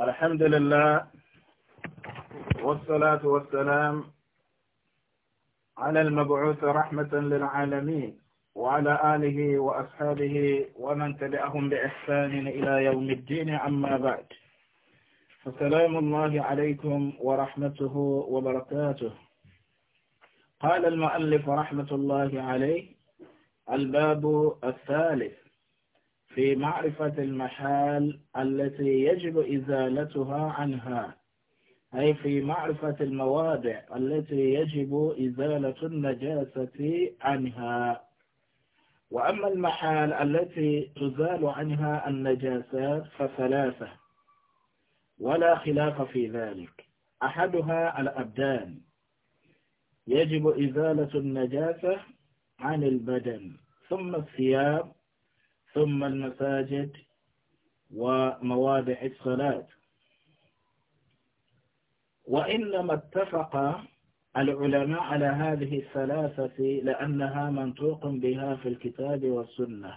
الحمد لله والصلاة والسلام على المبعوث رحمة للعالمين وعلى آله وأصحابه ومن تبعهم بإحسان إلى يوم الدين أما بعد فسلام الله عليكم ورحمته وبركاته قال المؤلف رحمة الله عليه الباب الثالث في معرفة المحال التي يجب إزالتها عنها أي في معرفة المواضع التي يجب إزالة النجاسة عنها وأما المحال التي تزال عنها النجاسات فثلاثة ولا خلاف في ذلك أحدها الأبدان يجب إزالة النجاسة عن البدن ثم الثياب ثم المساجد ومواضع الصلاة وإنما اتفق العلماء على هذه الثلاثة لأنها منطوق بها في الكتاب والسنة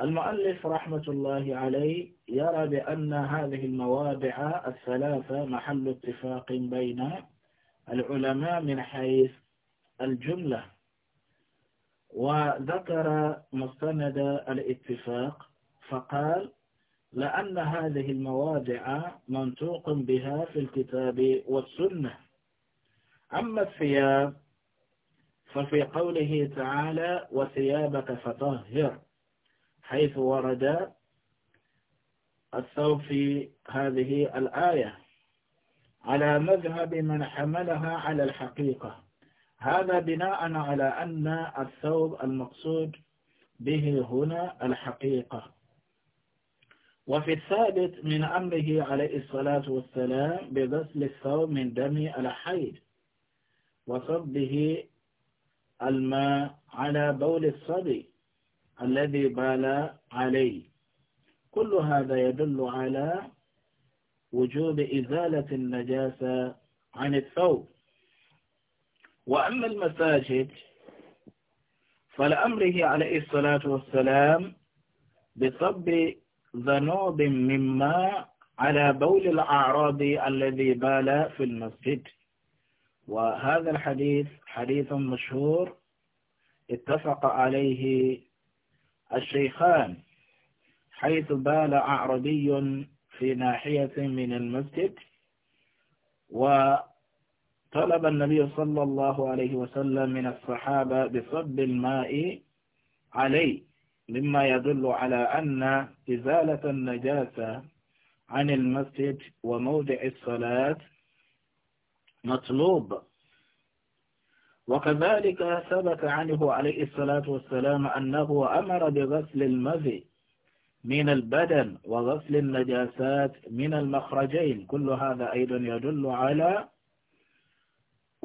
المؤلف رحمة الله عليه يرى بأن هذه المواضع الثلاثة محل اتفاق بين العلماء من حيث الجملة وذكر مستند الاتفاق فقال لأن هذه المواضع منطوق بها في الكتاب والسنة أما الثياب ففي قوله تعالى وثيابك فطهر حيث ورد الثوب في هذه الآية على مذهب من حملها على الحقيقة هذا بناء على أن الثوب المقصود به هنا الحقيقة وفي الثابت من أمره عليه الصلاة والسلام بغسل الثوب من دم الحيد وصبه الماء على بول الصبي الذي بال عليه كل هذا يدل على وجوب إزالة النجاسة عن الثوب وأما المساجد فلأمره عليه الصلاة والسلام بصب ذنوب مما على بول الأعرابي الذي بال في المسجد وهذا الحديث حديث مشهور اتفق عليه الشيخان حيث بال أعربي في ناحية من المسجد وقال طلب النبي صلى الله عليه وسلم من الصحابة بصب الماء عليه مما يدل على أن إزالة النجاسة عن المسجد وموضع الصلاة مطلوب وكذلك ثبت عنه عليه الصلاة والسلام أنه أمر بغسل المذي من البدن وغسل النجاسات من المخرجين كل هذا أيضا يدل على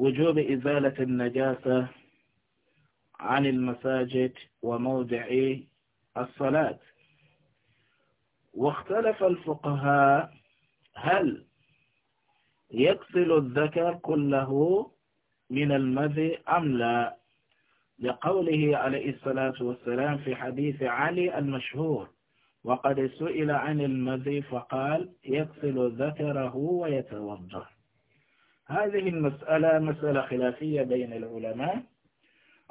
وجوب إزالة النجاسة عن المساجد وموضع الصلاة واختلف الفقهاء هل يقصل الذكر كله من المذي أم لا لقوله عليه الصلاة والسلام في حديث علي المشهور وقد سئل عن المذي فقال يقصل ذكره ويتوضأ هذه المسألة مسألة خلافية بين العلماء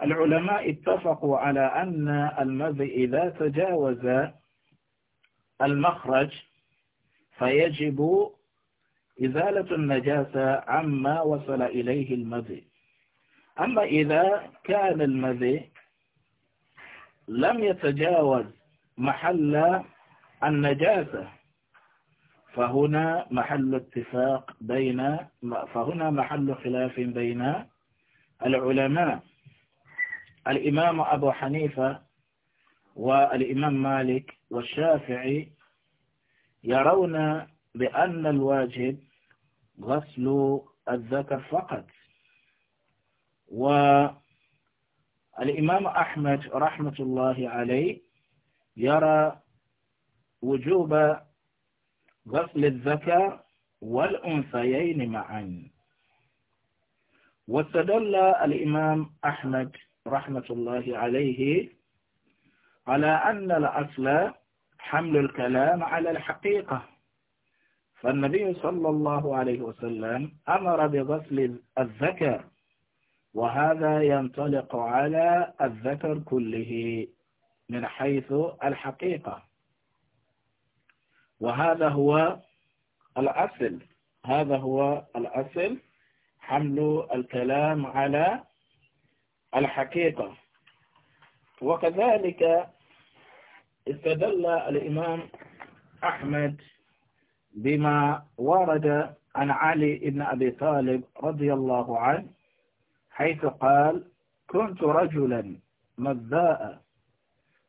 العلماء اتفقوا على أن المذي إذا تجاوز المخرج فيجب إزالة النجاسة عما وصل إليه المذي أما إذا كان المذي لم يتجاوز محل النجاسة فهنا محل اتفاق بين فهنا محل خلاف بين العلماء الإمام أبو حنيفة والإمام مالك والشافعي يرون بأن الواجب غسل الذكر فقط والإمام أحمد رحمة الله عليه يرى وجوب غسل الذكر والأنثيين معا واستدل الإمام أحمد رحمة الله عليه على أن الأصل حمل الكلام على الحقيقة فالنبي صلى الله عليه وسلم أمر بغسل الذكر وهذا ينطلق على الذكر كله من حيث الحقيقة وهذا هو الأصل هذا هو الأصل حمل الكلام على الحقيقة وكذلك استدل الإمام أحمد بما ورد عن علي بن أبي طالب رضي الله عنه حيث قال كنت رجلا مذاء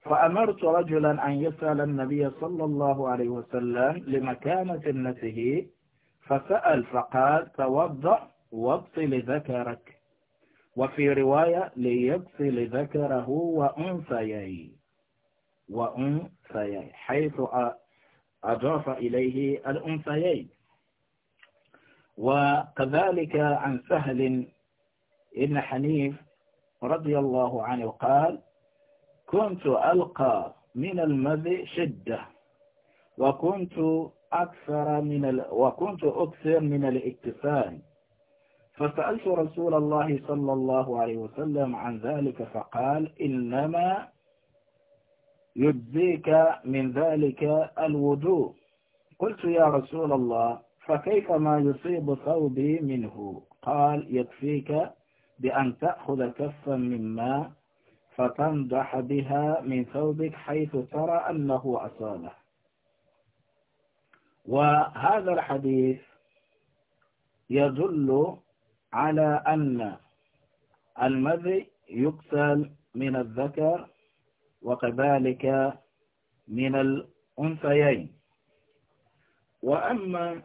فأمرت رجلا أن يسأل النبي صلى الله عليه وسلم لمكانة ابنته فسأل فقال توضأ وابطل ذكرك وفي رواية ليبطل ذكره وأنثيي وأنثيي حيث أضاف إليه الأنثيين وكذلك عن سهل بن حنيف رضي الله عنه قال كنت ألقى من المذي شدة وكنت أكثر من ال... وكنت أكثر من الاكتفان فسألت رسول الله صلى الله عليه وسلم عن ذلك فقال إنما يجزيك من ذلك الوضوء قلت يا رسول الله فكيف ما يصيب ثوبي منه قال يكفيك بأن تأخذ كفا من ماء فتنضح بها من ثوبك حيث ترى أنه أصابه وهذا الحديث يدل على أن المذي يقتل من الذكر وكذلك من الأنثيين وأما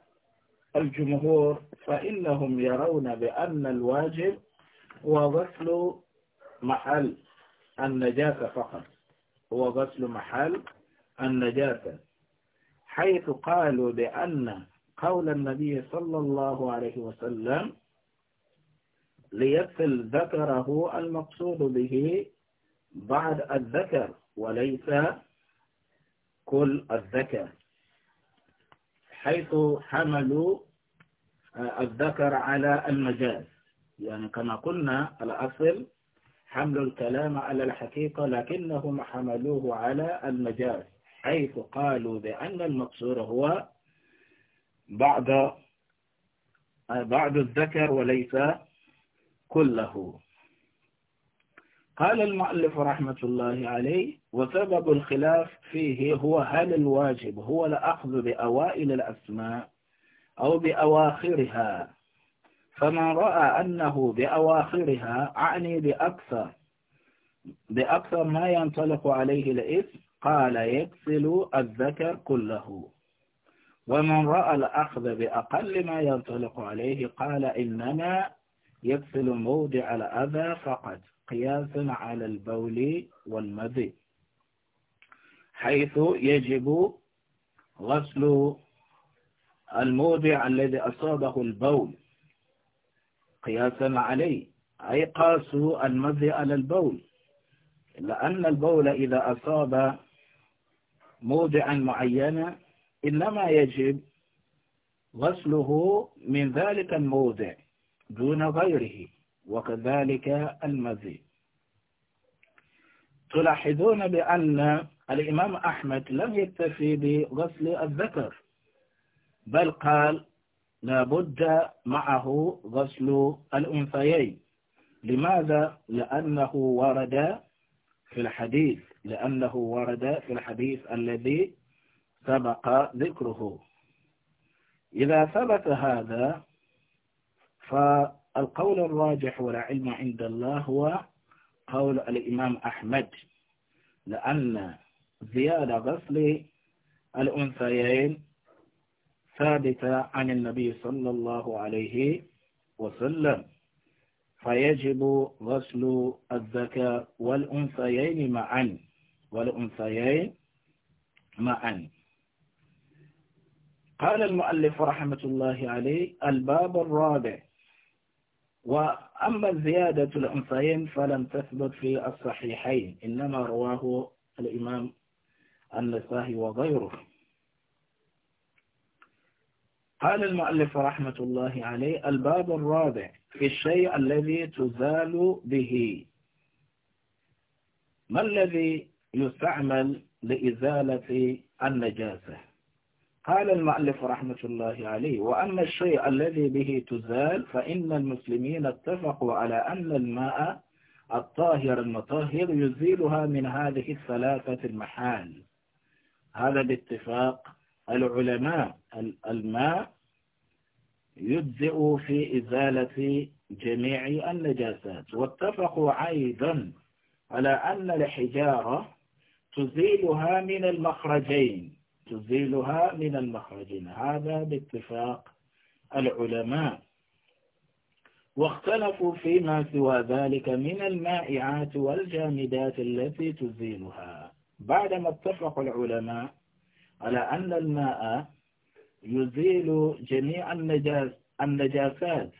الجمهور فإنهم يرون بأن الواجب هو غسل محل النجاة فقط هو غسل محل النجاة حيث قالوا بأن قول النبي صلى الله عليه وسلم ليصل ذكره المقصود به بعد الذكر وليس كل الذكر حيث حملوا الذكر على المجاز يعني كما قلنا الأصل حمل الكلام على الحقيقة لكنهم حملوه على المجاز حيث قالوا بأن المقصور هو بعض بعض الذكر وليس كله قال المؤلف رحمة الله عليه وسبب الخلاف فيه هو هل الواجب هو الأخذ بأوائل الأسماء أو بأواخرها فمن رأى أنه بأواخرها أعني بأكثر بأكثر ما ينطلق عليه الإثم قال يكسل الذكر كله ومن رأى الأخذ بأقل ما ينطلق عليه قال إنما يكسل موضع الأذى فقط قياسا على البول والمذي حيث يجب غسل الموضع الذي أصابه البول قياسا عليه أي قاسوا المذي على البول لأن البول إذا أصاب موضعا معينا إنما يجب غسله من ذلك الموضع دون غيره وكذلك المذي تلاحظون بأن الإمام أحمد لم يكتفي بغسل الذكر بل قال لابد معه غسل الأنثيين لماذا؟ لأنه ورد في الحديث لأنه ورد في الحديث الذي سبق ذكره إذا ثبت هذا فالقول الراجح والعلم عند الله هو قول الإمام أحمد لأن زيادة غسل الأنثيين ثابتة عن النبي صلى الله عليه وسلم فيجب غسل الذكر والأنثيين معا والأنثيين معا قال المؤلف رحمة الله عليه الباب الرابع وأما زيادة الأنثيين فلم تثبت في الصحيحين إنما رواه الإمام النسائي وغيره قال المؤلف رحمة الله عليه الباب الرابع في الشيء الذي تزال به ما الذي يستعمل لإزالة النجاسة قال المؤلف رحمة الله عليه وأما الشيء الذي به تزال فإن المسلمين اتفقوا على أن الماء الطاهر المطهر يزيلها من هذه الثلاثة المحال هذا باتفاق العلماء الماء يجزئ في إزالة جميع النجاسات واتفقوا أيضا على أن الحجارة تزيلها من المخرجين تزيلها من المخرجين هذا باتفاق العلماء واختلفوا فيما سوى ذلك من المائعات والجامدات التي تزيلها بعدما اتفق العلماء على أن الماء يزيل جميع النجاسات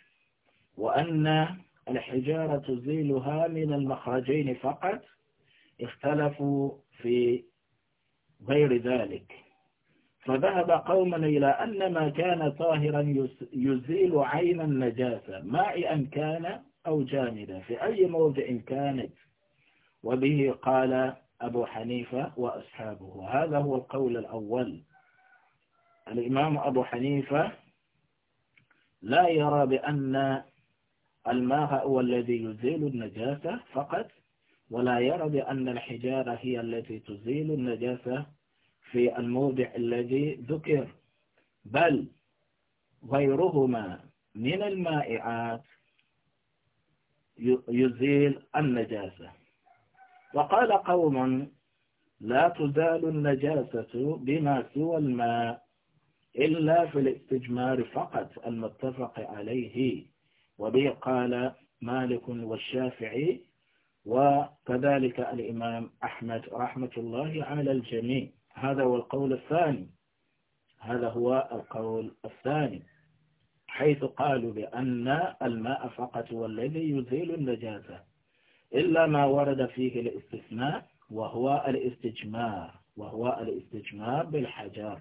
وأن الحجارة تزيلها من المخرجين فقط اختلفوا في غير ذلك فذهب قوما إلى أن ما كان طاهرا يزيل عين النجاسة مائئا كان أو جامدا في أي موضع كانت وبه قال أبو حنيفة وأصحابه هذا هو القول الأول الإمام أبو حنيفة لا يرى بأن الماء هو الذي يزيل النجاسة فقط ولا يرى بأن الحجارة هي التي تزيل النجاسة في الموضع الذي ذكر بل غيرهما من المائعات يزيل النجاسة وقال قوم لا تزال النجاسة بما سوى الماء إلا في الاستجمار فقط المتفق عليه وبه قال مالك والشافعي وكذلك الإمام أحمد رحمة الله على الجميع هذا هو القول الثاني هذا هو القول الثاني حيث قالوا بأن الماء فقط هو الذي يزيل النجاسة إلا ما ورد فيه الاستثناء وهو الاستجمار وهو الاستجمار بالحجر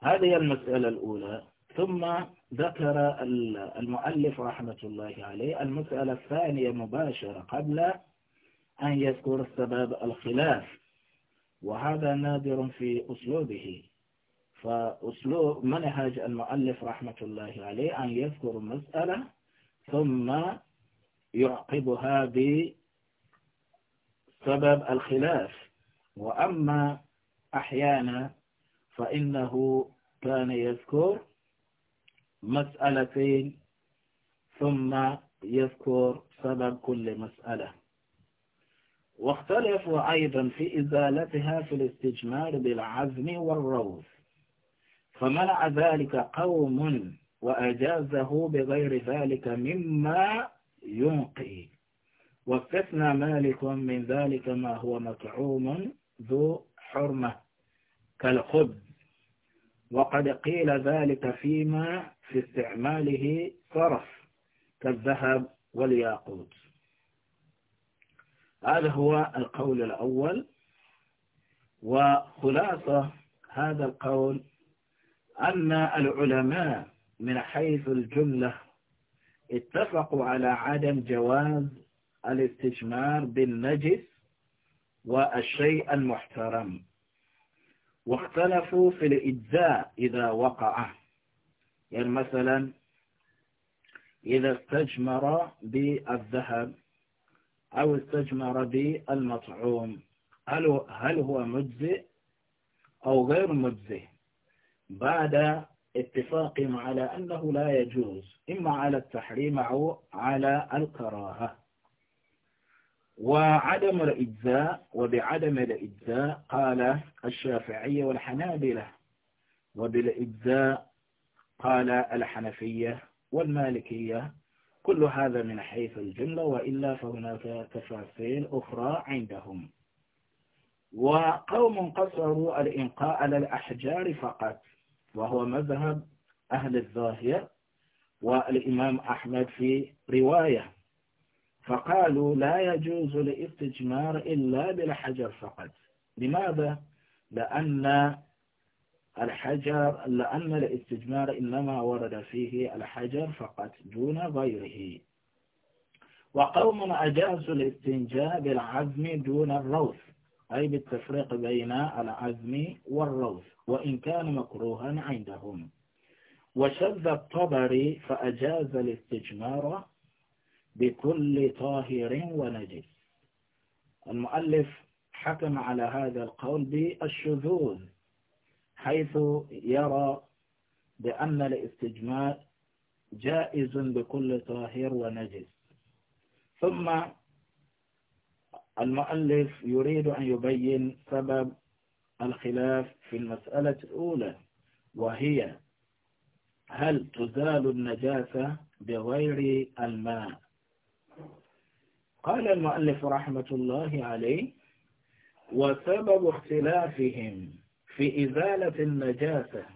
هذه المسألة الأولى ثم ذكر المؤلف رحمة الله عليه المسألة الثانية مباشرة قبل أن يذكر السبب الخلاف وهذا نادر في أسلوبه فأسلوب منهج المؤلف رحمة الله عليه أن يذكر مسألة ثم يعقبها بسبب الخلاف وأما أحيانا فإنه كان يذكر مسألتين ثم يذكر سبب كل مسألة واختلفوا أيضا في إزالتها في الاستجمار بالعزم والروث فمنع ذلك قوم وأجازه بغير ذلك مما يمقي واستثنى مالك من ذلك ما هو مطعوم ذو حرمة كالخبز وقد قيل ذلك فيما في استعماله صرف كالذهب والياقوت هذا هو القول الأول وخلاصة هذا القول أن العلماء من حيث الجملة اتفقوا على عدم جواز الاستجمار بالنجس والشيء المحترم واختلفوا في الإجزاء إذا وقع يعني مثلا إذا استجمر بالذهب أو استجمر بالمطعوم هل هل هو مجزئ أو غير مجزئ بعد اتفاقهم على أنه لا يجوز إما على التحريم أو على الكراهة وعدم الإجزاء وبعدم الإجزاء قال الشافعية والحنابلة وبالإجزاء قال الحنفية والمالكية كل هذا من حيث الجملة وإلا فهناك تفاصيل أخرى عندهم وقوم قصروا الإنقاء على الأحجار فقط وهو مذهب أهل الظاهر والإمام أحمد في رواية فقالوا لا يجوز الاستجمار إلا بالحجر فقط لماذا؟ لأن الحجر لأن الاستجمار إنما ورد فيه الحجر فقط دون غيره وقوم أجازوا الاستنجاء بالعزم دون الروث أي بالتفريق بين العزم والروث وإن كان مكروها عندهم وشذ الطبري فأجاز الاستجمار بكل طاهر ونجس المؤلف حكم على هذا القول بالشذوذ حيث يرى بأن الاستجمار جائز بكل طاهر ونجس ثم المؤلف يريد أن يبين سبب الخلاف في المسألة الأولى وهي هل تزال النجاسة بغير الماء قال المؤلف رحمة الله عليه وسبب اختلافهم في إزالة النجاسة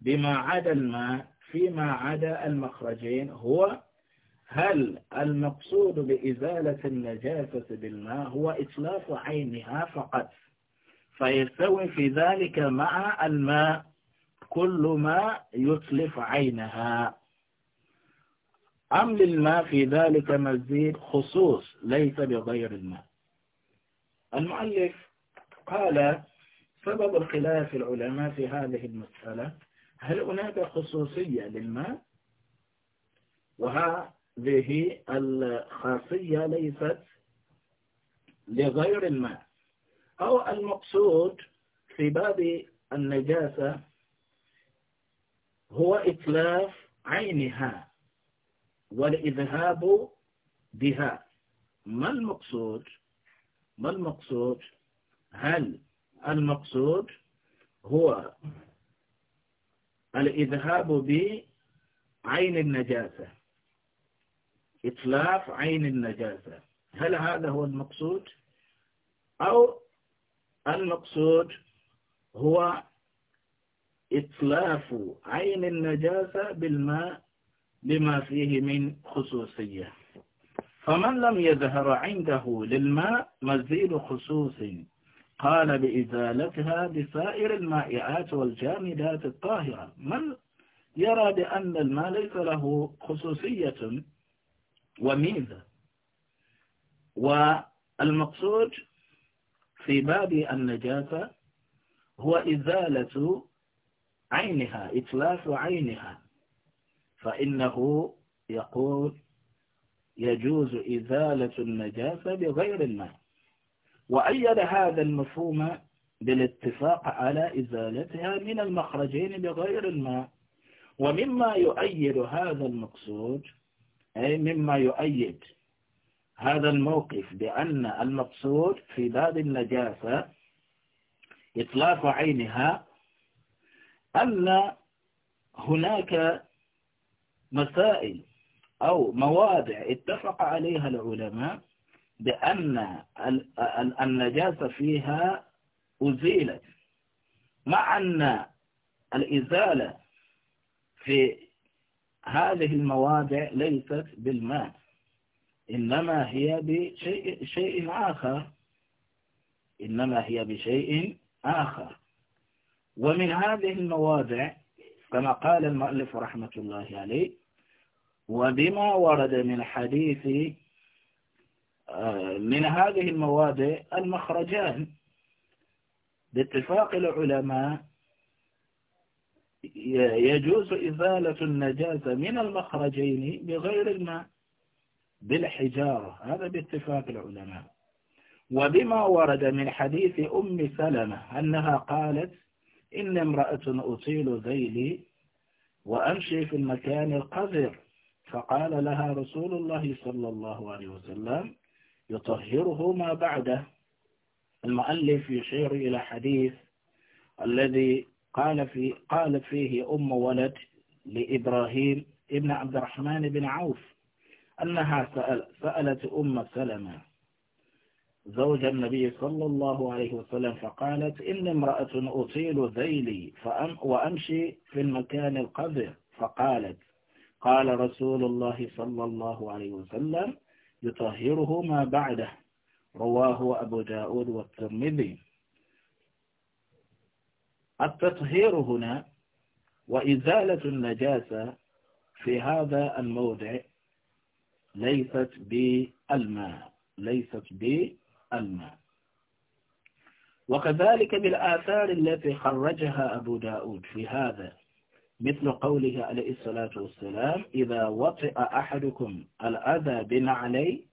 بما عدا الماء فيما عدا المخرجين هو هل المقصود بإزالة النجاسة بالماء هو إتلاف عينها فقط فيستوي في ذلك مع الماء كل ما يتلف عينها أم للماء في ذلك مزيد خصوص ليس بغير الماء المؤلف قال سبب الخلاف العلماء في هذه المسألة هل هناك خصوصية للماء وهذه الخاصية ليست لغير الماء أو المقصود في باب النجاسة هو إتلاف عينها والإذهاب بها ما المقصود ما المقصود هل المقصود هو الإذهاب بعين النجاسة إتلاف عين النجاسة هل هذا هو المقصود أو المقصود هو إطلاف عين النجاسة بالماء بما فيه من خصوصية فمن لم يظهر عنده للماء مزيد خصوص قال بإزالتها بسائر المائعات والجامدات الطاهرة من يرى بأن الماء ليس له خصوصية وميزة والمقصود في باب النجاسة هو إزالة عينها إتلاف عينها فإنه يقول يجوز إزالة النجاسة بغير الماء وأيد هذا المفهوم بالاتفاق على إزالتها من المخرجين بغير الماء ومما يؤيد هذا المقصود أي مما يؤيد هذا الموقف بأن المقصود في باب النجاسة إطلاق عينها أن هناك مسائل أو مواضع اتفق عليها العلماء بأن النجاسة فيها أزيلت مع أن الإزالة في هذه المواضع ليست بالماء إنما هي بشيء شيء آخر إنما هي بشيء آخر ومن هذه المواضع كما قال المؤلف رحمة الله عليه وبما ورد من حديث آه، من هذه المواضع المخرجان باتفاق العلماء يجوز إزالة النجاسة من المخرجين بغير الماء بالحجارة هذا باتفاق العلماء وبما ورد من حديث أم سلمة أنها قالت إن امرأة أطيل ذيلي وأمشي في المكان القذر فقال لها رسول الله صلى الله عليه وسلم يطهره ما بعده المؤلف يشير إلى حديث الذي قال في قالت فيه أم ولد لإبراهيم ابن عبد الرحمن بن عوف أنها سألت أم سلمة زوج النبي صلى الله عليه وسلم فقالت إن امرأة أطيل ذيلي فأم وأمشي في المكان القذر فقالت قال رسول الله صلى الله عليه وسلم يطهره ما بعده رواه أبو داود والترمذي التطهير هنا وإزالة النجاسة في هذا الموضع ليست بالماء ليست بالماء وكذلك بالآثار التي خرجها أبو داود في هذا مثل قوله عليه الصلاة والسلام إذا وطئ أحدكم الأذى بنعلي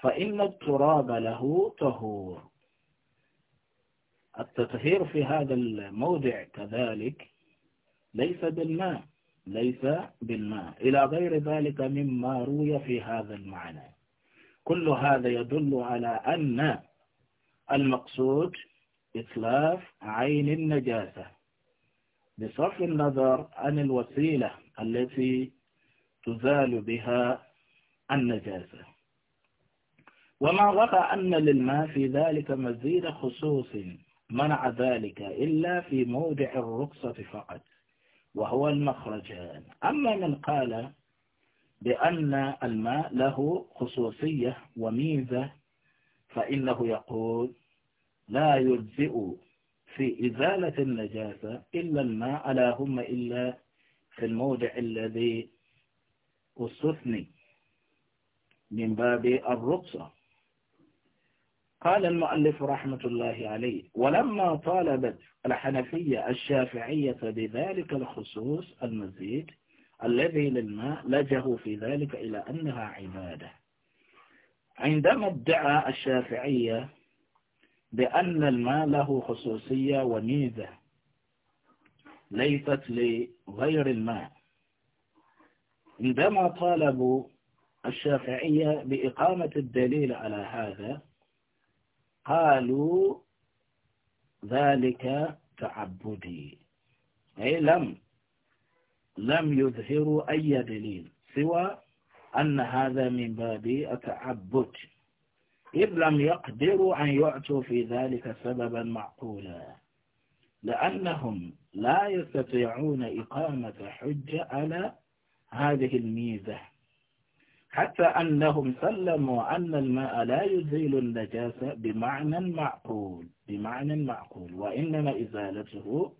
فإن التراب له طهور التطهير في هذا الموضع كذلك ليس بالماء ليس بالماء إلى غير ذلك مما روي في هذا المعنى كل هذا يدل على أن المقصود إتلاف عين النجاسة بصرف النظر عن الوسيلة التي تزال بها النجاسة وما وقع أن للماء في ذلك مزيد خصوص منع ذلك إلا في موضع الرخصة فقط وهو المخرجان أما من قال بأن الماء له خصوصية وميزة فإنه يقول لا يجزئ في إزالة النجاسة إلا الماء اللهم إلا في الموضع الذي استثني من باب الرخصة قال المؤلف رحمة الله عليه ولما طالبت الحنفية الشافعية بذلك الخصوص المزيد الذي للماء لجه في ذلك إلى أنها عبادة عندما ادعى الشافعية بأن الماء له خصوصية وميزة ليست لغير الماء عندما طالبوا الشافعية بإقامة الدليل على هذا قالوا ذلك تعبدي أي لم لم يظهروا أي دليل سوى أن هذا من باب التعبد إذ لم يقدروا أن يعطوا في ذلك سببا معقولا لأنهم لا يستطيعون إقامة حجة على هذه الميزة حتى أنهم سلموا أن الماء لا يزيل النجاسة بمعنى معقول بمعنى معقول وإنما إزالته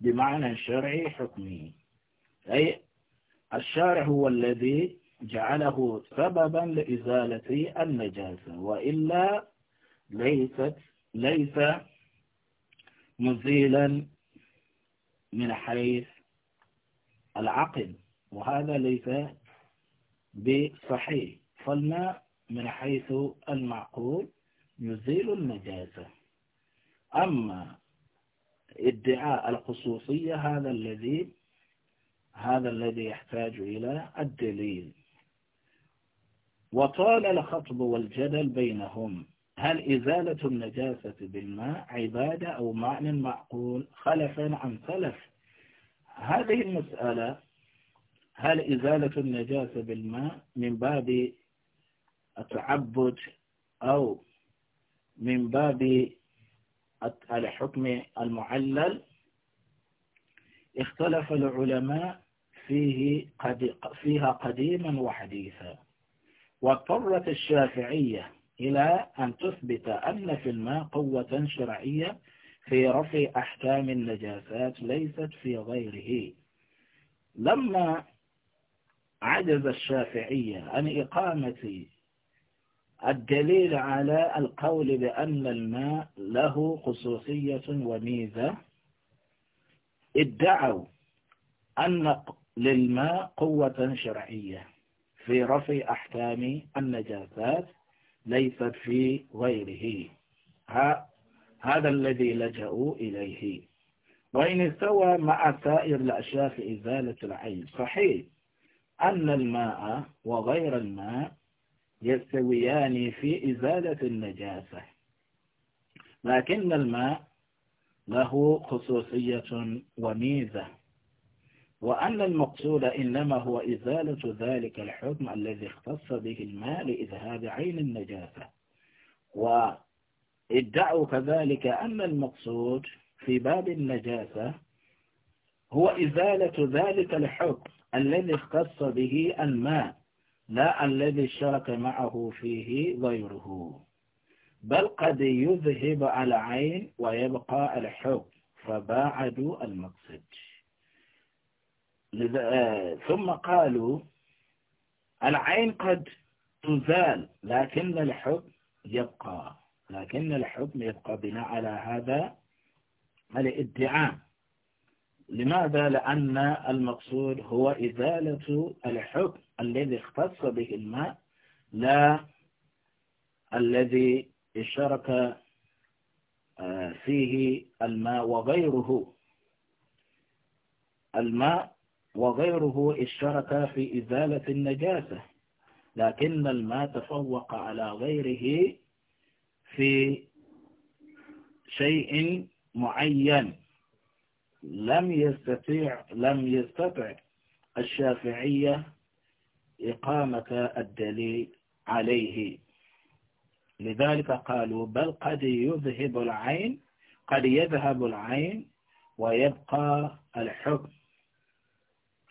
بمعنى شرعي حكمي أي الشارع هو الذي جعله سببا لإزالة النجاسة وإلا ليست ليس مزيلا من حيث العقل وهذا ليس بصحيح فالماء من حيث المعقول يزيل النجاسة أما ادعاء الخصوصية هذا الذي هذا الذي يحتاج إلى الدليل وطال الخطب والجدل بينهم هل إزالة النجاسة بالماء عبادة أو معنى معقول خلفا عن سلف هذه المسألة هل إزالة النجاسة بالماء من باب التعبد أو من باب الحكم المعلل اختلف العلماء فيه قد فيها قديما وحديثا واضطرت الشافعية إلى أن تثبت أن في الماء قوة شرعية في رفع أحكام النجاسات ليست في غيره لما عجز الشافعية عن إقامة الدليل على القول بأن الماء له خصوصية وميزة ادعوا أن للماء قوة شرعية في رفع أحكام النجاسات ليست في غيره ها هذا الذي لجأوا إليه وإن استوى مع سائر الأشياء في إزالة العين صحيح أن الماء وغير الماء يستويان في إزالة النجاسة لكن الماء له خصوصية وميزة وأن المقصود إنما هو إزالة ذلك الحكم الذي اختص به الماء لإذهاب عين النجاسة وادعوا كذلك أن المقصود في باب النجاسة هو إزالة ذلك الحكم الذي اختص به الماء لا الذي شرك معه فيه غيره بل قد يذهب على عين ويبقى الحب فباعدوا المقصد آه، ثم قالوا العين قد تزال لكن الحب يبقى لكن الحكم يبقى بناء على هذا الادعاء لماذا؟ لأن المقصود هو إزالة الحب الذي اختص به الماء لا الذي اشترك آه، فيه الماء وغيره الماء وغيره اشترك في إزالة النجاسة لكن الماء تفوق على غيره في شيء معين لم يستطيع لم يستطع الشافعية إقامة الدليل عليه لذلك قالوا بل قد يذهب العين قد يذهب العين ويبقى الحكم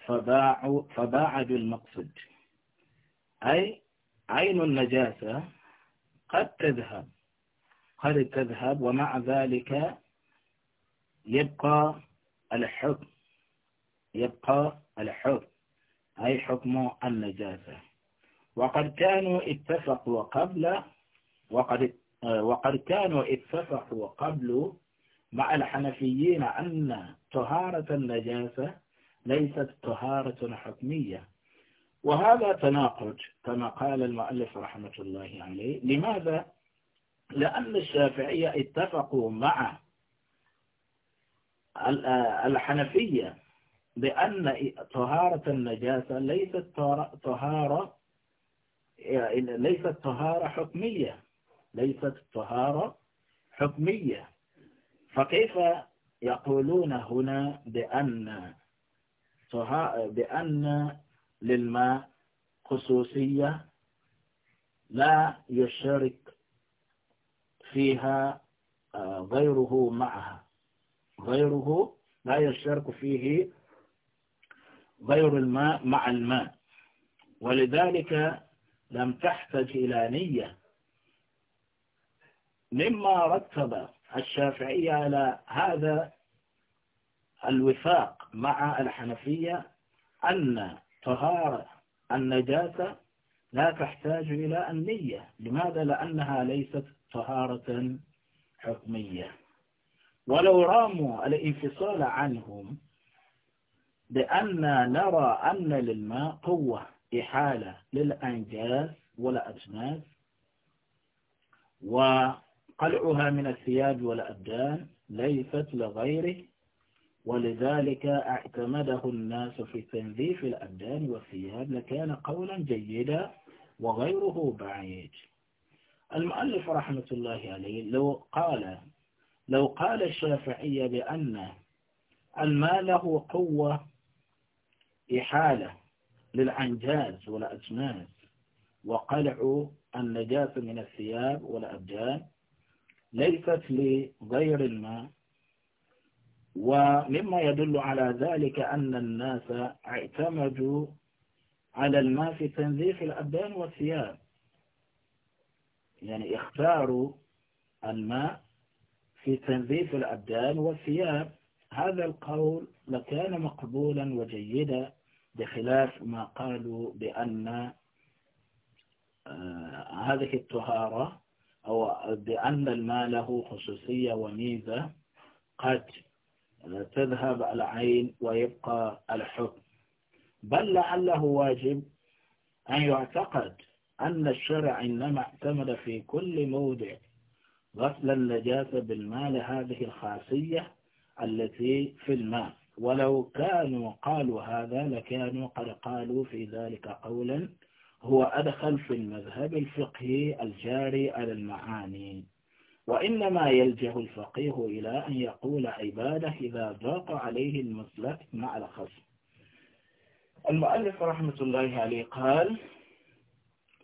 فباعوا فباع بالمقصد أي عين النجاسة قد تذهب قد تذهب ومع ذلك يبقى الحكم يبقى الحكم أي حكم النجاسة وقد كانوا اتفقوا قبل وقد آه، وقد كانوا اتفقوا قبل مع الحنفيين أن طهارة النجاسة ليست طهارة حكمية وهذا تناقض كما قال المؤلف رحمة الله عليه لماذا؟ لأن الشافعية اتفقوا مع آه، الحنفية بأن طهارة النجاسة ليست طهارة يعني ليست طهارة حكمية ليست طهارة حكمية فكيف يقولون هنا بأن بأن للماء خصوصية لا يشارك فيها آه، غيره معها غيره لا يشترك فيه غير الماء مع الماء ولذلك لم تحتج إلى نية مما رتب الشافعية على هذا الوفاق مع الحنفية أن طهارة النجاسة لا تحتاج إلى النية لماذا؟ لأنها ليست طهارة حكمية ولو راموا الانفصال عنهم بأن نرى أن للماء قوة إحالة للأنجاز والأجناس وقلعها من الثياب والأبدان ليست لغيره ولذلك اعتمده الناس في تنظيف الأبدان والثياب لكان قولا جيدا وغيره بعيد المؤلف رحمة الله عليه لو قال لو قال الشافعية بأن المال هو قوة إحالة للعنجاز والأجناس وقلع النجاة من الثياب والأبدان ليست لغير الماء ومما يدل على ذلك أن الناس اعتمدوا على الماء في تنظيف الأبدان والثياب يعني اختاروا الماء في تنظيف الأبدان والثياب هذا القول لكان مقبولا وجيدا بخلاف ما قالوا بأن آه، هذه الطهارة أو بأن الماء له خصوصية وميزة قد تذهب العين ويبقى الحكم بل لعله واجب أن يعتقد أن الشرع إنما اعتمد في كل موضع غسل النجاسة بالماء لهذه الخاصية التي في الماء ولو كانوا قالوا هذا لكانوا قد قالوا في ذلك قولا هو أدخل في المذهب الفقهي الجاري على المعاني وإنما يلجأ الفقيه إلى أن يقول عباده إذا ضاق عليه المسلك مع الخصم المؤلف رحمة الله عليه قال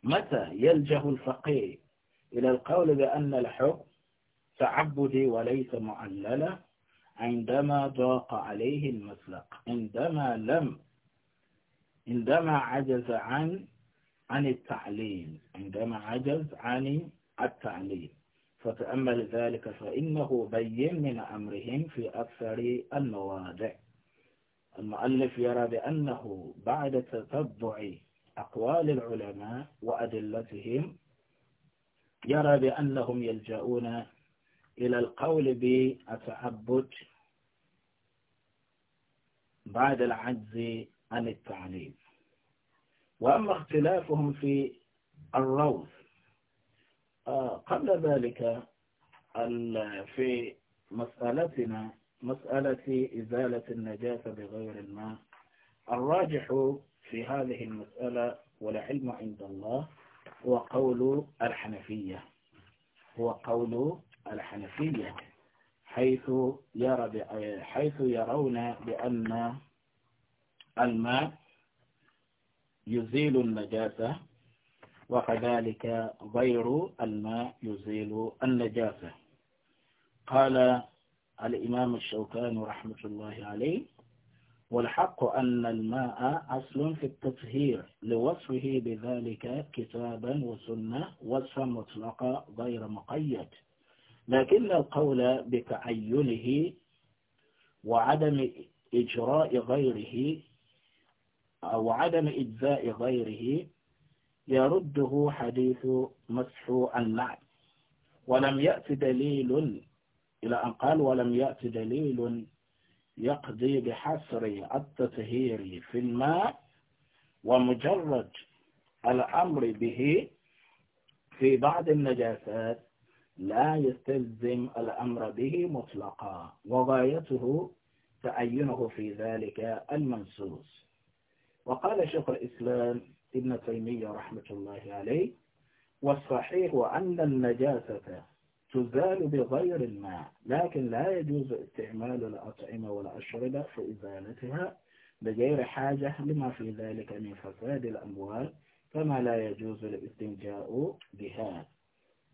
متى يلجأ الفقيه إلى القول بأن الحكم تعبدي وليس معللا عندما ضاق عليه المسلق عندما لم عندما عجز عن عن التعليم عندما عجز عن التعليم فتأمل ذلك فإنه بين من أمرهم في أكثر المواضع المؤلف يرى بأنه بعد تتبع أقوال العلماء وأدلتهم يرى بأنهم يلجؤون إلى القول بالتعبد بعد العجز عن التعليم وأما اختلافهم في الروض آه، قبل ذلك في مسألتنا مسألة إزالة النجاسة بغير الماء الراجح في هذه المسألة والعلم عند الله هو قول الحنفية هو قول الحنفية حيث يرى حيث يرون بأن الماء يزيل النجاسة وكذلك غير الماء يزيل النجاسة قال الإمام الشوكان رحمة الله عليه والحق أن الماء أصل في التطهير لوصفه بذلك كتابا وسنة وصفا مطلقا غير مقيد لكن القول بتعينه وعدم إجراء غيره أو عدم إجزاء غيره يرده حديث مسح النعل ولم يأت دليل إلى أن قال ولم يأت دليل يقضي بحصر التطهير في الماء ومجرد الأمر به في بعض النجاسات لا يستلزم الأمر به مطلقا وغايته تعينه في ذلك المنصوص وقال شيخ الإسلام ابن تيمية رحمة الله عليه والصحيح أن النجاسة تزال بغير الماء لكن لا يجوز استعمال الأطعمة والأشربة في إزالتها بغير حاجة لما في ذلك من فساد الأموال فما لا يجوز الاستنجاء بها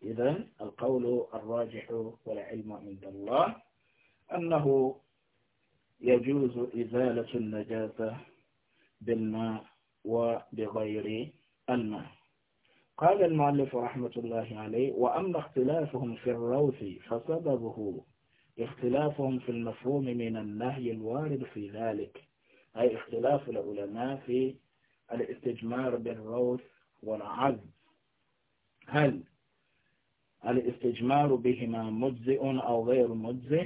إذا القول الراجح والعلم عند الله أنه يجوز إزالة النجاسة بالماء وبغير الماء قال المؤلف رحمة الله عليه وأما اختلافهم في الروث فسببه اختلافهم في المفهوم من النهي الوارد في ذلك أي اختلاف العلماء في الاستجمار بالروث والعذب هل الاستجمار بهما مجزئ أو غير مجزئ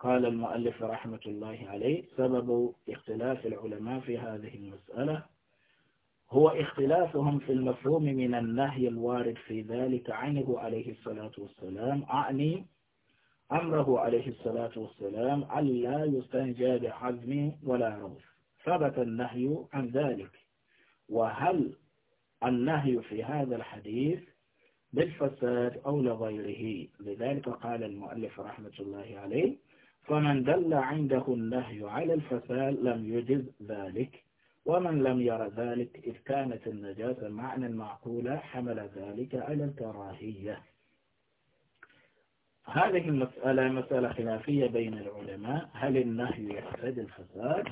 قال المؤلف رحمة الله عليه سبب اختلاف العلماء في هذه المسألة هو اختلافهم في المفهوم من النهي الوارد في ذلك عنه عليه الصلاة والسلام أعني أمره عليه الصلاة والسلام ألا يستنجى بحزم ولا روث ثبت النهي عن ذلك وهل النهي في هذا الحديث بالفساد أو لغيره لذلك قال المؤلف رحمة الله عليه فمن دل عنده النهي على الفساد لم يجز ذلك ومن لم ير ذلك إذ كانت النجاسة معنى معقولة حمل ذلك على الكراهية هذه المسألة مسألة خلافية بين العلماء هل النهي يقتد الفساد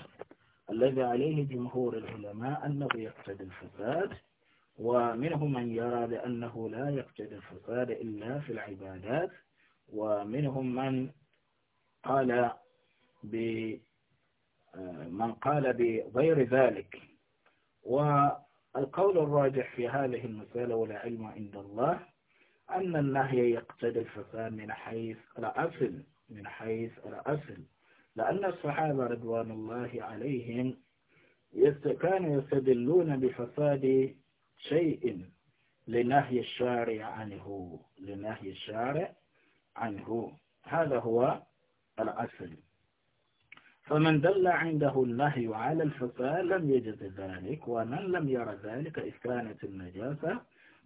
الذي عليه جمهور العلماء أنه يقتد الفساد ومنهم من يرى بأنه لا يقتد الفساد إلا في العبادات ومنهم من قال بأنه من قال بغير ذلك والقول الراجح في هذه المسألة ولا علم عند الله أن النهي يقتضي الفساد من حيث الأصل من حيث الأصل لأن الصحابة رضوان الله عليهم كانوا يستدلون بفساد شيء لنهي الشارع عنه لنهي الشارع عنه هذا هو الأصل فمن دل عنده النهي على الفساد لم يجد ذلك ومن لم يرى ذلك إذ كانت النجاسة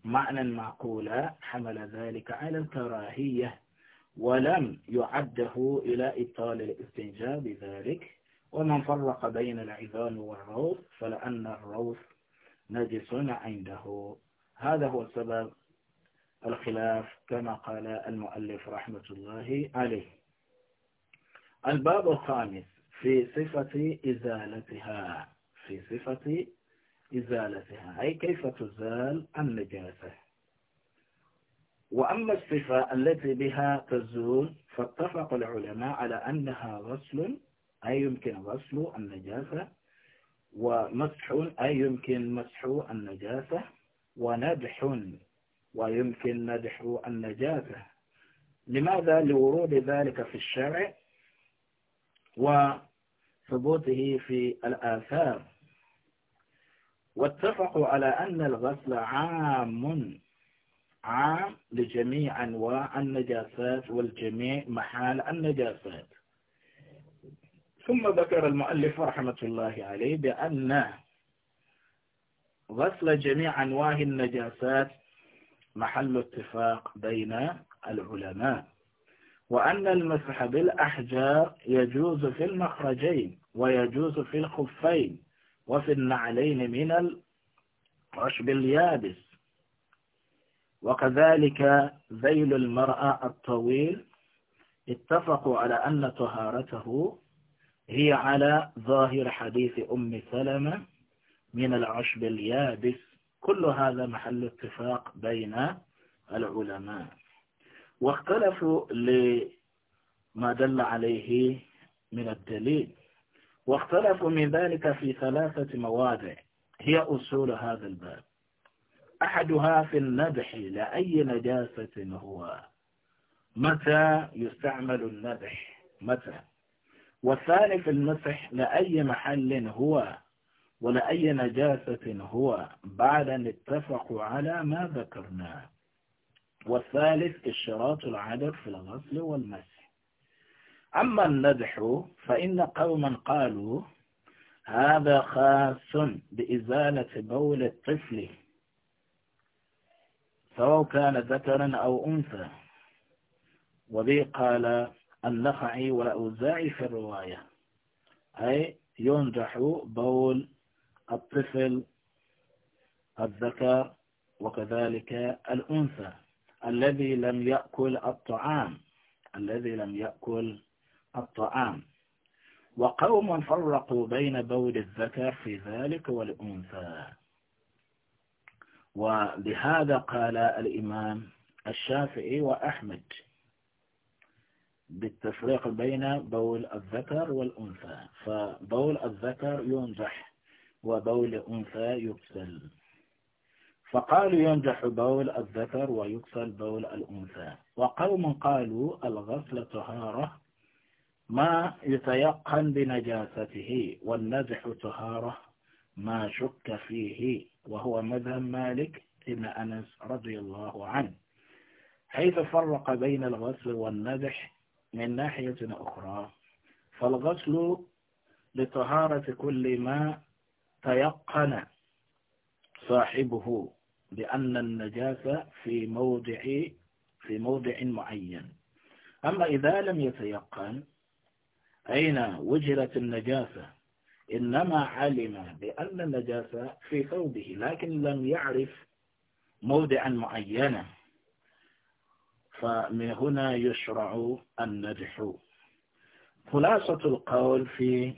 معنى معقولا حمل ذلك على الكراهية ولم يعده إلى إبطال الاستنجاء بذلك ومن فرق بين العظام والروث فلأن الروث نجس عنده هذا هو سبب الخلاف كما قال المؤلف رحمة الله عليه الباب الخامس في صفة إزالتها في صفة إزالتها أي كيف تزال النجاسة وأما الصفة التي بها تزول فاتفق العلماء على أنها غسل أي يمكن غسل النجاسة ومسح أي يمكن مسح النجاسة وندح ويمكن ندح النجاسة لماذا لورود ذلك في الشرع و ثبوته في الآثار واتفقوا على أن الغسل عام عام لجميع أنواع النجاسات والجميع محال النجاسات ثم ذكر المؤلف رحمة الله عليه بأن غسل جميع أنواع النجاسات محل اتفاق بين العلماء وأن المسح بالأحجار يجوز في المخرجين ويجوز في الخفين وفي النعلين من العشب اليابس وكذلك ذيل المرأة الطويل اتفقوا على أن طهارته هي على ظاهر حديث أم سلمة من العشب اليابس كل هذا محل اتفاق بين العلماء واختلفوا لما دل عليه من الدليل واختلفوا من ذلك في ثلاثة مواضع هي أصول هذا الباب أحدها في النبح لأي نجاسة هو متى يستعمل النبح متى والثاني في المسح لأي محل هو ولأي نجاسة هو بعد أن اتفقوا على ما ذكرناه والثالث اشتراط العدد في الغسل والمسح أما الندح فإن قوما قالوا هذا خاص بإزالة بول الطفل سواء كان ذكرا أو أنثى وبي قال النخعي والأوزاعي في الرواية أي ينجح بول الطفل الذكر وكذلك الأنثى الذي لم يأكل الطعام الذي لم يأكل الطعام وقوم فرقوا بين بول الذكر في ذلك والأنثى وبهذا قال الإمام الشافعي وأحمد بالتفريق بين بول الذكر والأنثى فبول الذكر ينزح وبول الأنثى يبسل فقالوا ينجح بول الذكر ويكسل بول الأنثى وقوم قالوا الغسل طهارة ما يتيقن بنجاسته والنزح طهارة ما شك فيه وهو مذهب مالك ابن أنس رضي الله عنه حيث فرق بين الغسل والنزح من ناحية أخرى فالغسل لطهارة كل ما تيقن صاحبه بأن النجاسة في موضع في موضع معين أما إذا لم يتيقن أين وجرت النجاسة إنما علم بأن النجاسة في ثوبه لكن لم يعرف موضعا معينا فمن هنا يشرع النجح خلاصة القول في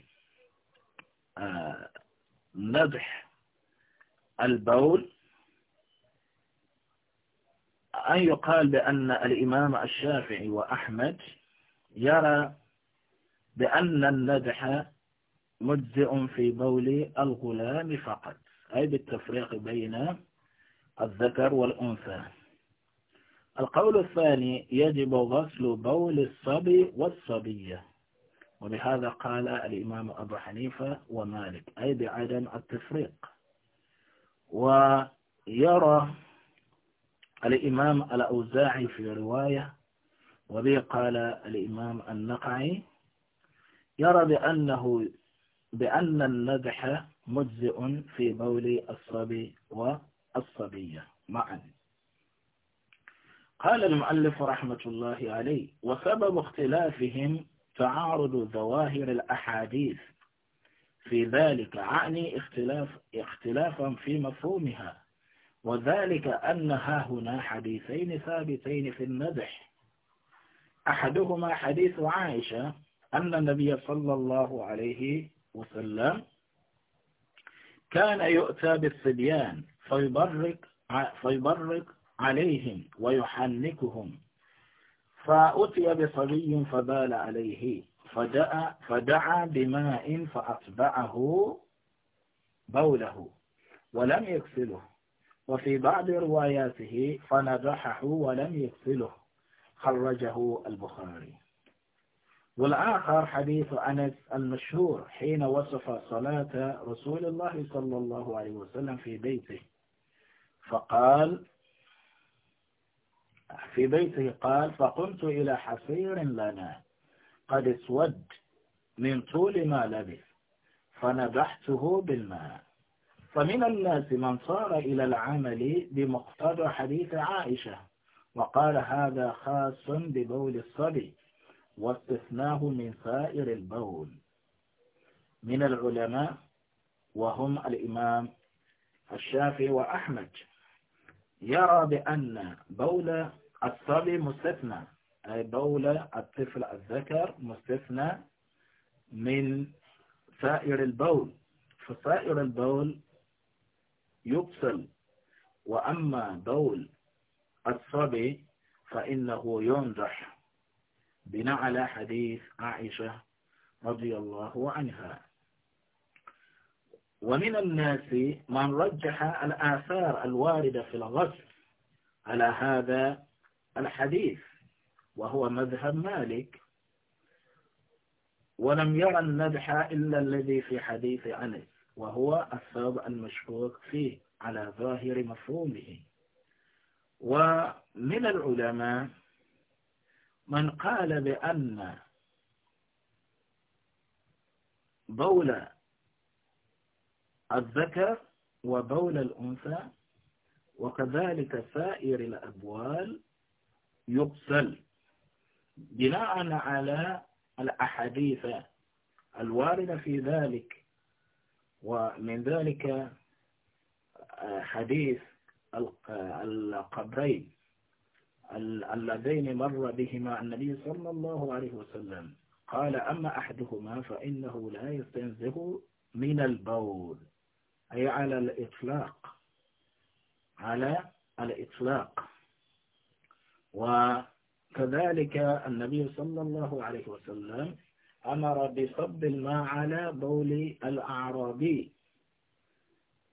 آه، ندح البول أن يقال بأن الإمام الشافعي وأحمد يرى بأن الندح مجزئ في بول الغلام فقط أي بالتفريق بين الذكر والأنثى القول الثاني يجب غسل بول الصبي والصبية وبهذا قال الإمام أبو حنيفة ومالك أي بعدم التفريق ويرى الإمام الأوزاعي في رواية وبه قال الإمام النقعي يرى بأنه بأن النبح مجزئ في بول الصبي والصبية معا قال المؤلف رحمة الله عليه وسبب اختلافهم تعارض ظواهر الأحاديث في ذلك عني اختلاف اختلافا في مفهومها وذلك أن ها هنا حديثين ثابتين في المدح أحدهما حديث عائشة أن النبي صلى الله عليه وسلم كان يؤتى بالصبيان فيبرك, فيبرك عليهم ويحنكهم فأتي بصبي فبال عليه فدعا, فدعا بماء فأتبعه بوله ولم يكسله وفي بعض رواياته فنضحه ولم يقتله خرجه البخاري والآخر حديث أنس المشهور حين وصف صلاة رسول الله صلى الله عليه وسلم في بيته فقال في بيته قال فقمت إلى حصير لنا قد اسود من طول ما لبث فنبحته بالماء فمن الناس من صار إلى العمل بمقتضى حديث عائشة وقال هذا خاص ببول الصبي واستثناه من سائر البول من العلماء وهم الإمام الشافعي وأحمد يرى بأن بول الصبي مستثنى أي بول الطفل الذكر مستثنى من سائر البول فسائر البول يبصل وأما بول الصبي فإنه ينضح بناء على حديث عائشة رضي الله عنها ومن الناس من رجح الآثار الواردة في الغسل على هذا الحديث وهو مذهب مالك ولم يرى النبح إلا الذي في حديث أنس وهو السبب المشكوك فيه على ظاهر مفهومه ومن العلماء من قال بأن بول الذكر وبول الأنثى وكذلك سائر الأبوال يقسل بناء على الأحاديث الواردة في ذلك ومن ذلك آه، حديث آه، القبرين اللذين مر بهما النبي صلى الله عليه وسلم قال أما أحدهما فإنه لا يستنزه من البول أي على الإطلاق على الإطلاق وكذلك النبي صلى الله عليه وسلم أمر بصب الماء على بول الأعرابي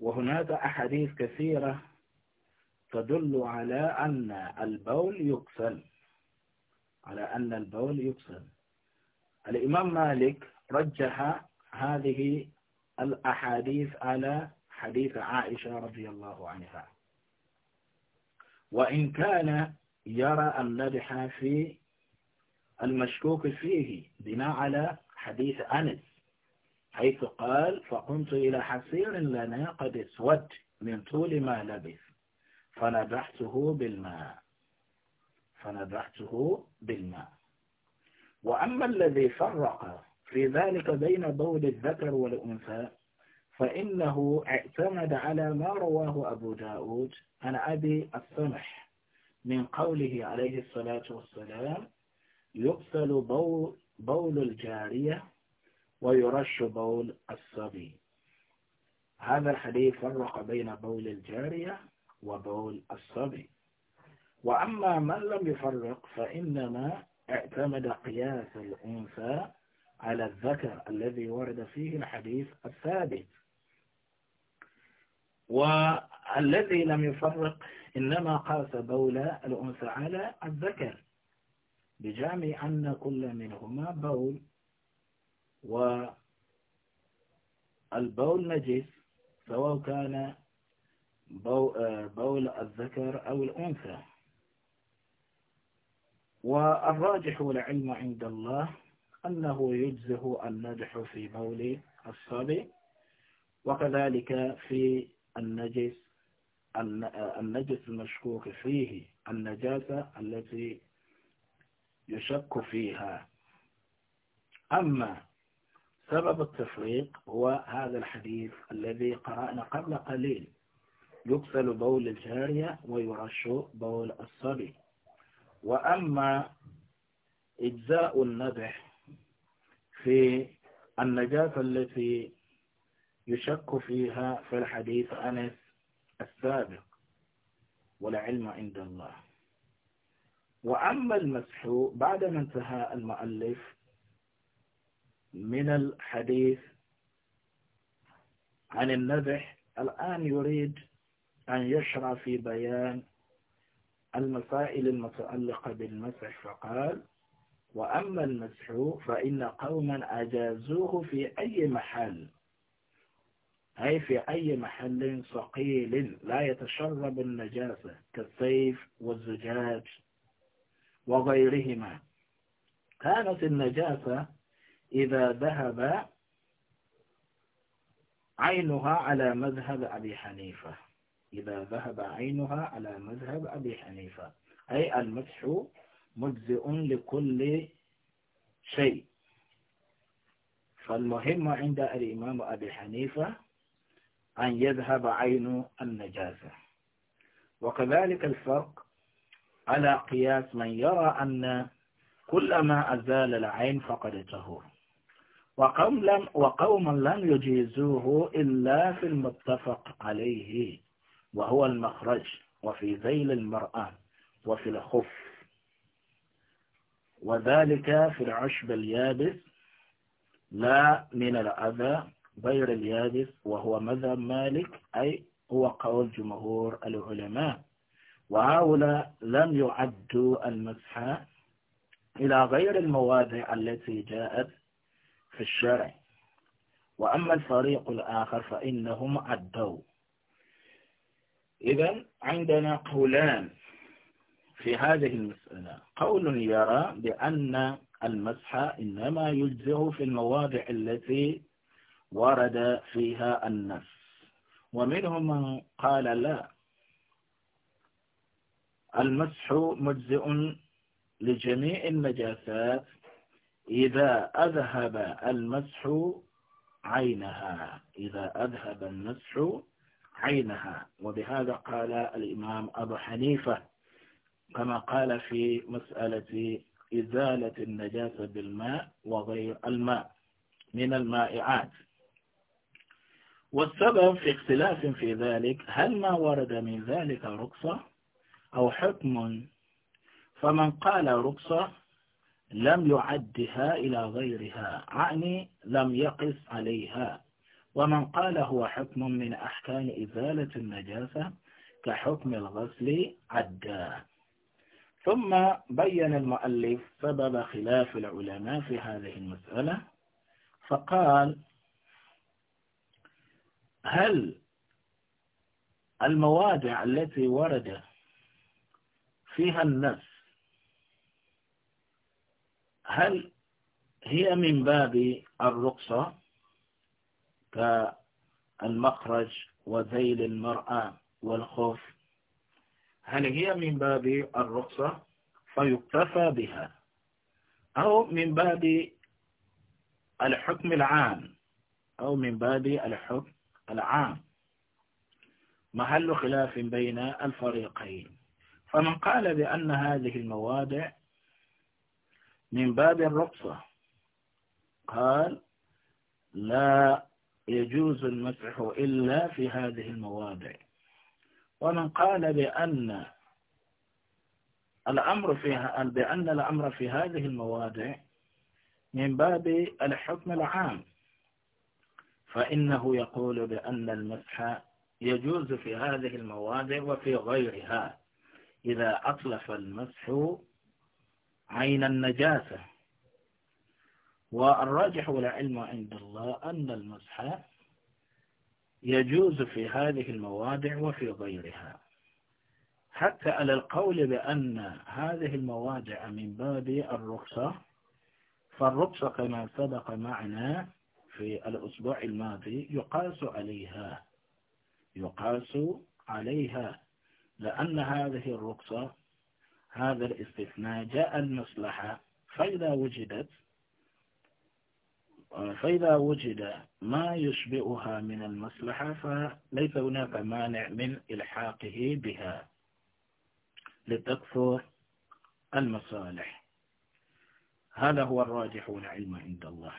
وهناك أحاديث كثيرة تدل على أن البول يكسل على أن البول يكسل الإمام مالك رجح هذه الأحاديث على حديث عائشة رضي الله عنها وإن كان يرى النبح في المشكوك فيه بناء على حديث أنس حيث قال فقمت إلى حصير لنا قد اسود من طول ما لبث فنبحته بالماء فنبحته بالماء وأما الذي فرق في ذلك بين بول الذكر والأنثى فإنه اعتمد على ما رواه أبو داود عن أبي السمح من قوله عليه الصلاة والسلام يؤصل بول الجارية ويرش بول الصبي هذا الحديث فرق بين بول الجارية وبول الصبي وأما من لم يفرق فإنما اعتمد قياس الأنثى على الذكر الذي ورد فيه الحديث الثابت والذي لم يفرق إنما قاس بول الأنثى على الذكر بجامع أن كل منهما بول والبول نجس سواء كان آه، بول الذكر أو الأنثى والراجح والعلم عند الله أنه يجزه النجح في بول الصبي وكذلك في النجس آه، النجس المشكوك فيه النجاسة التي يشك فيها أما سبب التفريق هو هذا الحديث الذي قرأنا قبل قليل يغسل بول الجارية ويرش بول الصبي وأما إجزاء النبح في النجاسة التي يشك فيها في الحديث أنس السابق علم عند الله وأما المسح بعدما انتهى المؤلف من الحديث عن النبح الآن يريد أن يشرع في بيان المسائل المتعلقة بالمسح فقال وأما المسح فإن قوما أجازوه في أي محل أي في أي محل صقيل لا يتشرب النجاسة كالسيف والزجاج وغيرهما كانت النجاسة إذا ذهب عينها على مذهب أبي حنيفة إذا ذهب عينها على مذهب أبي حنيفة أي المسح مجزئ لكل شيء فالمهم عند الإمام أبي حنيفة أن يذهب عين النجاسة وكذلك الفرق على قياس من يرى أن كل ما أزال العين فقد تهور وقوم لم, وقوم لم يجيزوه إلا في المتفق عليه وهو المخرج وفي ذيل المرأة وفي الخف وذلك في العشب اليابس لا من الأذى غير اليابس وهو مذهب مالك أي هو قول جمهور العلماء وهؤلاء لم يعدوا المسح إلى غير المواضع التي جاءت في الشرع وأما الفريق الآخر فإنهم عدوا إذا عندنا قولان في هذه المسألة قول يرى بأن المسح إنما يجزئ في المواضع التي ورد فيها النص ومنهم من قال لا المسح مجزئ لجميع النجاسات إذا أذهب المسح عينها إذا أذهب المسح عينها وبهذا قال الإمام أبو حنيفة كما قال في مسألة إزالة النجاسة بالماء وغير الماء من المائعات والسبب في اختلاف في ذلك هل ما ورد من ذلك رخصة أو حكم فمن قال رخصة لم يعدها إلى غيرها عني لم يقص عليها ومن قال هو حكم من أحكام إزالة النجاسة كحكم الغسل عدا ثم بين المؤلف سبب خلاف العلماء في هذه المسألة فقال هل المواضع التي وردت فيها النفس هل هي من باب الرقصة كالمخرج وذيل المرأة والخوف هل هي من باب الرقصة فيكتفى بها أو من باب الحكم العام أو من باب الحكم العام محل خلاف بين الفريقين فمن قال بأن هذه المواضع من باب الرقصة قال لا يجوز المسح إلا في هذه المواضع ومن قال بأن الأمر فيها بأن الأمر في هذه المواضع من باب الحكم العام فإنه يقول بأن المسح يجوز في هذه المواضع وفي غيرها إذا أطلف المسح عين النجاسة والراجح والعلم عند الله أن المسح يجوز في هذه المواضع وفي غيرها حتى على القول بأن هذه المواضع من باب الرخصة فالرخصة كما سبق معنا في الأسبوع الماضي يقاس عليها يقاس عليها لأن هذه الرخصة هذا الاستثناء جاء المصلحة فإذا وجدت فإذا وجد ما يشبهها من المصلحة فليس هناك مانع من إلحاقه بها لتكثر المصالح هذا هو الراجح والعلم عند الله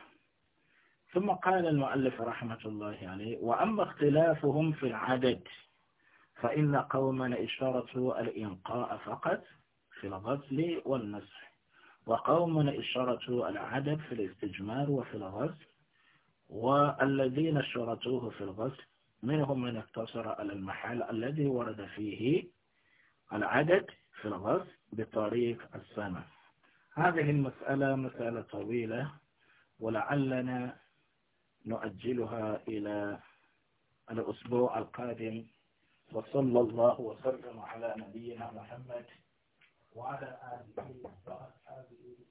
ثم قال المؤلف رحمة الله عليه وأما اختلافهم في العدد فإن قوما إشارة الإنقاء فقط في الغسل والمسح وقوما إشارة العدد في الاستجمار وفي الغسل والذين شرطوه في الغسل منهم من اقتصر على المحل الذي ورد فيه العدد في الغسل بطريق السنة هذه المسألة مسألة طويلة ولعلنا نؤجلها إلى الأسبوع القادم وصلى الله وسلم على نبينا محمد وعلى آله وأصحابه